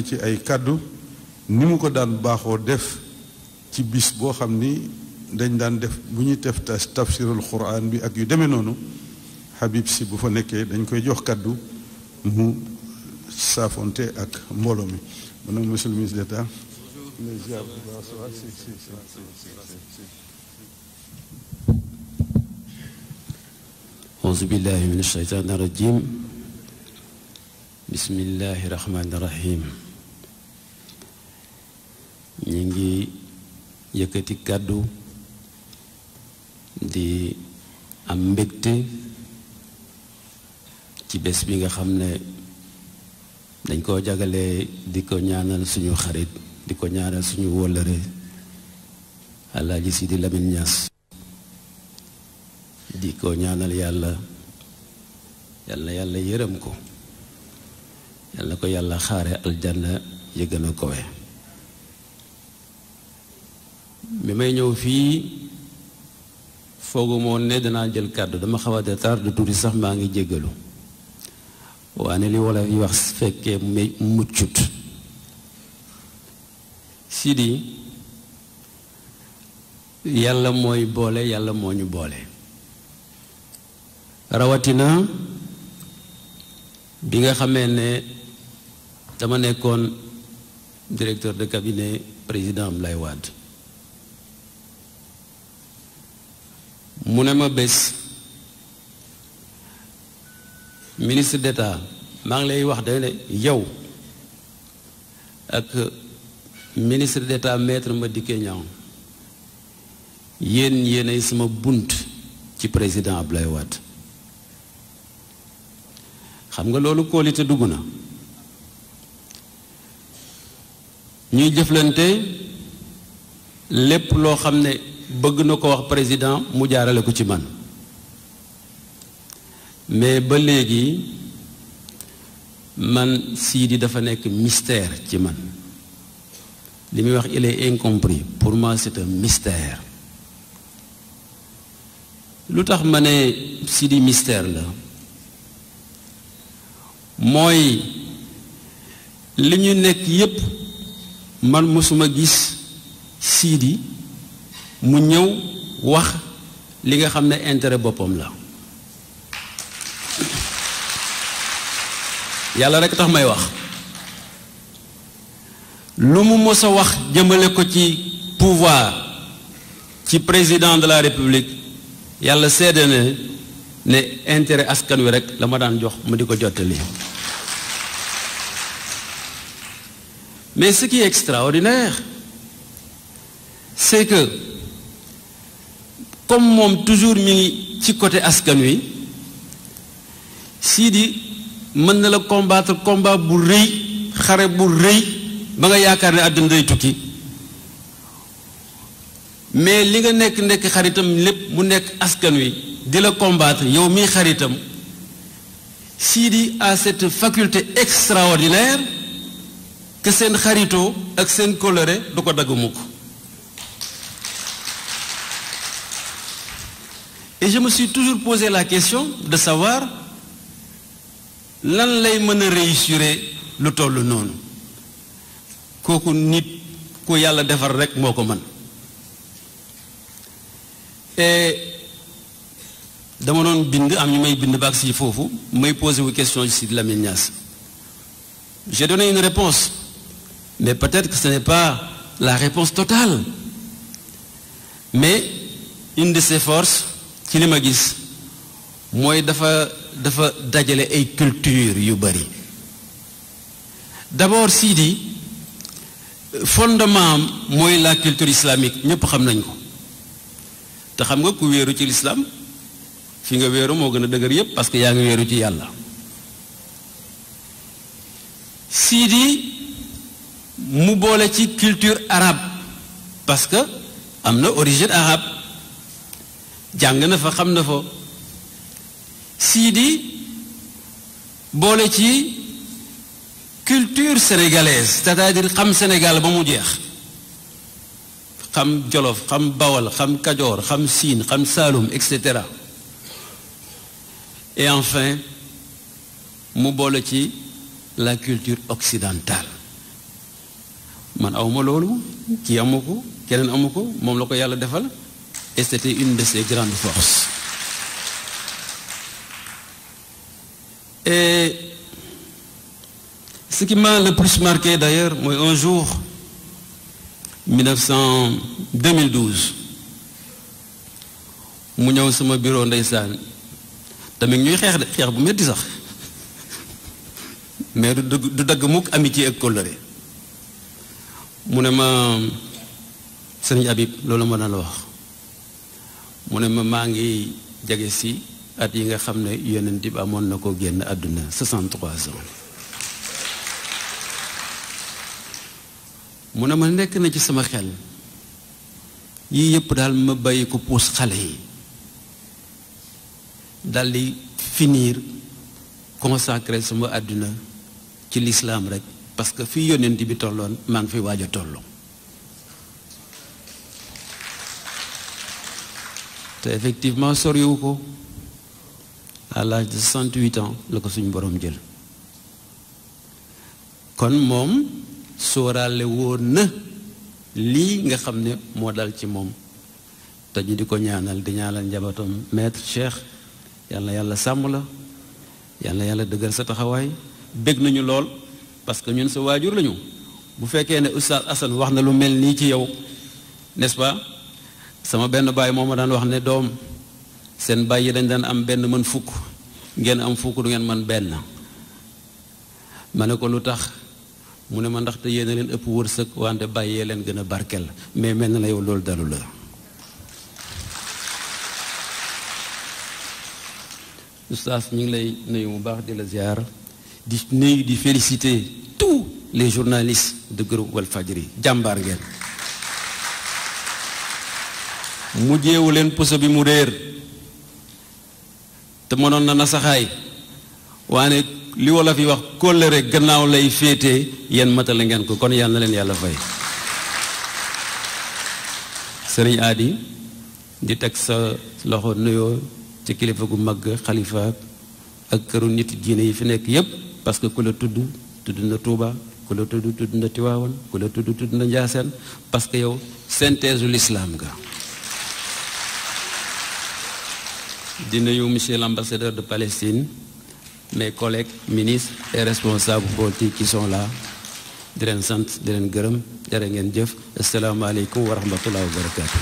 ci ay kàddu ni mu ko daan baaxoo def ci bis boo xam ni dañ daan def bu ñuy def tafsirul quran bi ak yu demee noonu Habib si bu fa nekkee dañ koy jox kàddu mu saafonte ak mbooloo mi maanaam monsieur le ministre d'État auzu billahi min ashaytaani rajim bismillahi rahmaani rahim ñu ngi yëkkati kàddu di am mbégte ci bés bi nga xam ne dañ koo jagalee di ko ñaanal suñu xarit di ko ñaanal suñu wóllëre Alaaji Sidi Lamine Niass di ko ñaanal yàlla yàlla yàlla yërëm ko yàlla ko yàlla xaare aljanna yëgën na kowe bi may ñëw fii foogu ne danaa jël kàddu dama xaw a retard de tuuti sax maa ngi jéggalu waa ne li wala yi wax fekkee muccut Sidi yàlla mooy boole yàlla moo ñu boole rawatina bi nga xamee ne dama nekkoon directeur de cabinet président lay Wade mu ne ma bés ministre d'État maa ngi lay wax da ne yow ak ministre d'État maître Madické Niang yéen yéenay sama bunt ci président Abdoulaye Wade xam nga loolu kóolite dugg na ñuy jëflante lépp loo xam ne bëgg na ko wax président mu jaarale ko ci man mais ba léegi man Sidy dafa nekk mystère ci man li muy wax il est incompris pour moi c'est un mystère lu tax ma ne Sidy mystère la mooy li ñu nekk yépp man mësuma gis siidi mu ñëw wax li nga xam ne intérêt boppam la yàlla rekk tax may wax lu mu mës wax jëmale ko ci pouvoir ci président de la république yàlla seede ne ne askan wi rekk la ma daan jox ma di ko jottali mais ce qui extraordinaire c'est que comme moom toujours mi ngi ci côté askan wi Sidi mën na la combattre combat bu rëy xare bu rëy ba nga yaakaar ne àddina day tukki mais li nga nekk nekk xaritam lépp mu nekk askan wi di la combattre yow mii xaritam Sidi a cette faculté extraordinaire que seen xaritoo ak seen coloré du ko dagg mukk Et je me toujours posé la question de savoir lan lay mën a réussire lu toll noonu kooku nit ko yàlla defar rek moo ko mën dama doon bind am ñu may bind ba si foofu may posé wu question si Lamine Niass j'ai donné une réponse mais peut-être que ce n'est pas la réponse totale mais une de ses forces ci ma gis mooy dafa dafa dajale ay culture yu bari d'abord Sidi fondement mooy la culture islamique ñépp xam nañ ko te xam nga ku wéeru ci lislaam fi nga weeru moo gën a dëgër yépp parce que yaa ngi weeru ci yàlla Sidi mu boole ci culture arabe parce que am na origine arabe jàng na fa xam na fa siidi boole ci culture sénégalaise cest xam Sénégal ba mu jeex xam Jolof xam Bawol xam Kajoor xam Siin xam Saalum et cetera et enfin mu boole ci la culture occidentale man awma loolu kii amu keneen amu ko moom la ko yàlla defal et c'était une de ses grandes forces. Et ce qui m'a le plus marqué d'ailleurs, moi, un jour, mu ñëw sama bureau ndeysaan tamit ñuy xeex de xeex bu metti sax mais du dëgg du dagg mukk amitié ak kóllëre mu ne ma sëñ Habib loolu ma na la wax mu ne ma maa ngi jege si at yi nga xam ne yonent bi amoon na ko génn àdduna 63 ans mu ne ma nekk na ci sama xel yii yëpp daal ma bàyyi ko puus xale yi daldi finir consacré sama àdduna ci lislaam rek parce que fi yonent bi tolloon maa ngi fi waaj a tolloo te effectivement soriwu ko à l'âge de 68 ans la ko suñu borom jël kon moom sóoraale woon na lii nga xam ne moo daal ci moom te ñu di ko ñaanal di ñaanal njabootam maître Cheikh yàlla yàlla sàmm la yàlla yàlla dëggal sa taxawaay bég nañu lool parce que ñun sa waajur lañu bu fekkee ne Oustaz Assane wax na lu mel nii ci yow n'est-ce sama benn baay moo ma daan wax ne doom seen bàyyi dañ daan am benn man fukk ngeen am fukk du ngeen man benn ma ne ko lu tax mu ne ma ndaxte yéen a leen ëpp wërsëg wante bàyyee leen gën a barkel mais mel na la yow loolu dalu la oustaz ñu ngi lay nuyu bu baax di la ziar di nuyu di féliciter tous les journalistes de groupe Walfadjri jàmbaar ngeen mujjeewu leen puso bi mu réer te mënoon na nasaxaay waane li wolof yi wax kóllëre gannaaw lay féete yéen matale ngeen ko kon yàlla na leen yàlla fay sëriñ aadi di teg sa loxo nuyoo ci kilifa gu mag xalifa ak këru nit diine yi fi nekk yépp parce que ku la tudd tudd na Touba ku la tudd tudd na Tiwaawan ku la tudd tudd na Njaaseen parce que yow synthèse u lislaam nga di nuyu monsieur l'ambassadeur de Palestine mes collègues ministres et responsables politiques ci sont là di leen sant di leen gërëm jërë ngeen jëf asalaamaaleykum wa rahmatullahi wa barakaatu.